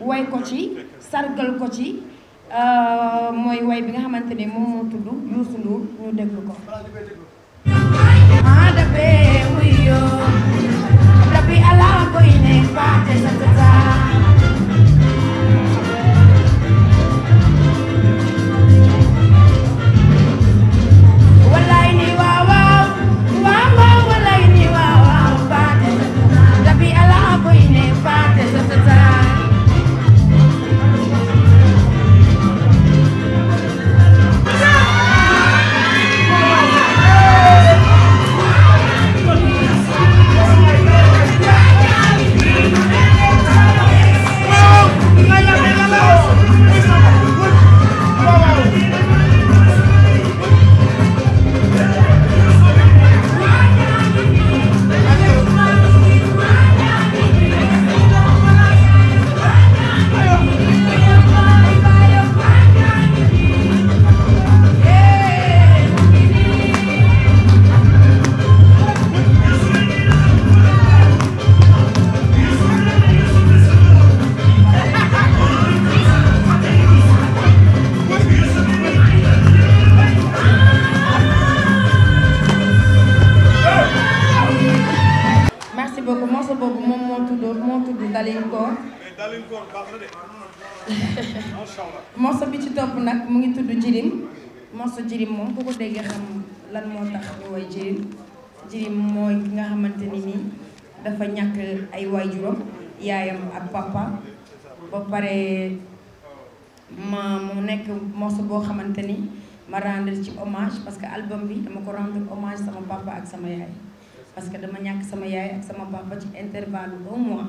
way ko ci sargal ko ci moy way bi nga xamante mom mo tuddu ñu ko morso bi ci punak mungitu mu ngi tudd jirim morso jirim moom ku ko déggee xam lan moo tax ñu jirim jirim mooy ki nga xamante ni nii dafa ñàkk ay waajuram yaayam ak papa ba pare ma mu nekk morso boo xamante ma rendre ci hommage parce que album bi dama ko rendre hommage sama papa ak sama yaay parce que dama ñàkk sama yaay ak sama papa ci intervalle un mois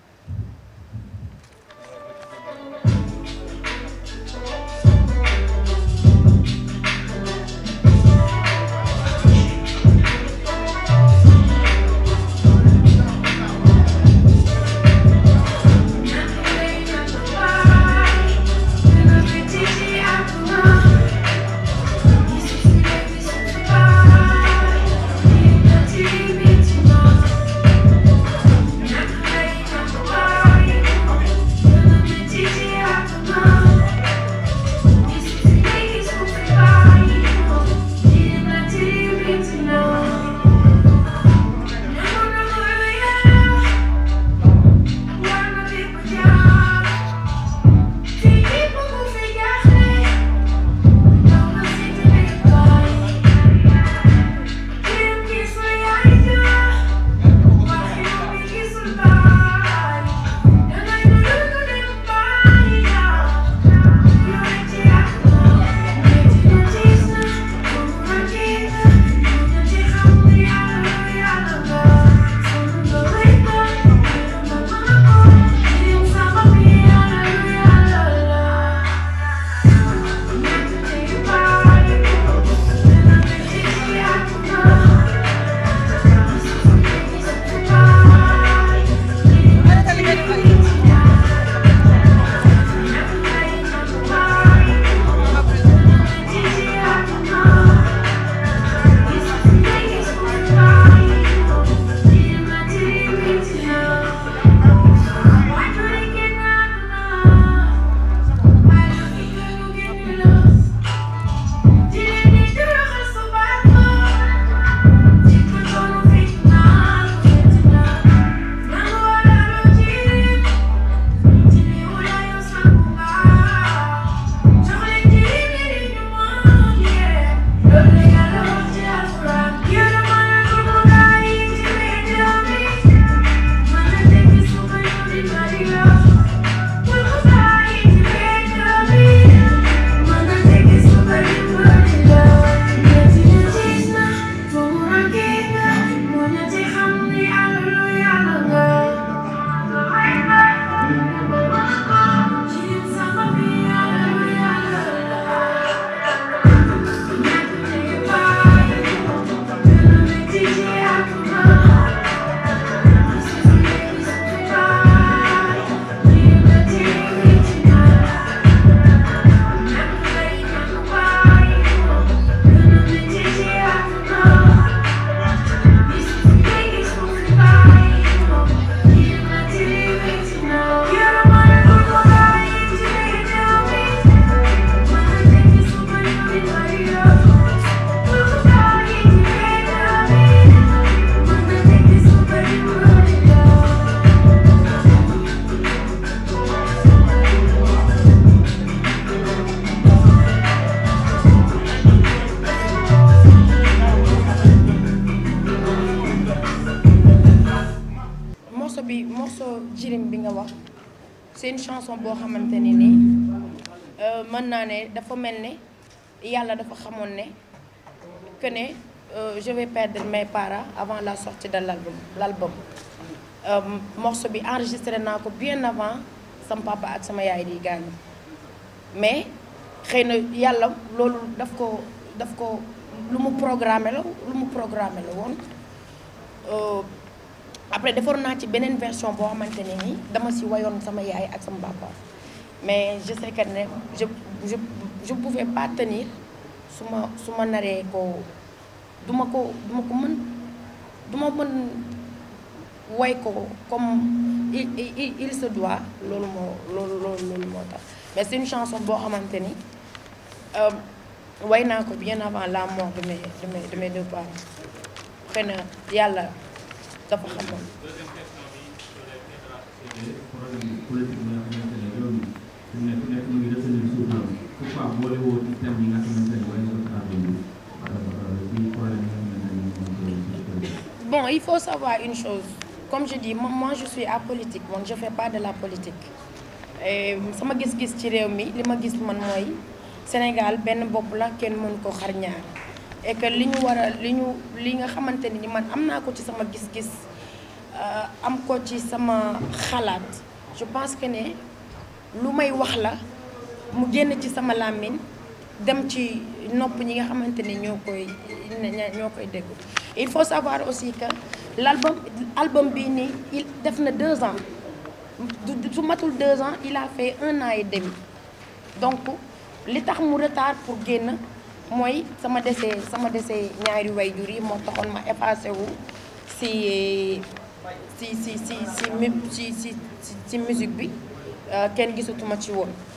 a c'est une chanson boo xamante ne nii euh, mën naa ne dafa mel ne yàlla dafa xamoon ne que ne euh, je vais perdre mes parents avant la sortie de l'album l'album euh, morceau bi enregistré naa bien avant sama papa ak sama yaay di gaañu mais xëy na yàlla loolu daf ko daf ko lu mu programmé la lu mu programmé la woon après defaroon naa ci benen version bo xamanteni ne dama ci wayone sama yaay ak sama papa mais je sais que ne je je je pouvais pas tenir suma suma naré ko duma ma ko duma ma ko mën duma ma mën way ko comme il il il se doit lolu mo lolu lolu loolu mais c'est une chanson bo xamanteni euh way naa ko bien avant la mort de mes de mes de mes deux parents xëy na yàlla. Bon, il faut savoir une chose. Comme je dis, moi, je suis apolitique. Moi, je ne fais pas de la politique. Et, sama gis-gis ce que je Sénégal ma gis man mooy Sénégal benn bopp la kenn et que liñu wara liñu li nga xamanteni ni man amna ko ci sama gis-gis euh, am ko ci sama xalaat je pense que ne lu may wax la mu génn ci sama lamine dem ci nopp ñi nga xamanteni ñokoy ñokoy dégg il faut savoir aussi que l'album album bi ni il def na deux ans du matul deux ans il a fait un an et demi donc li tax mu retard pour génn mooy sama dese sama dese ñaari wayjur yi moo taxoon ma effacé wu si si si si si si si si musique bi euh, kenn gisatuma ci woon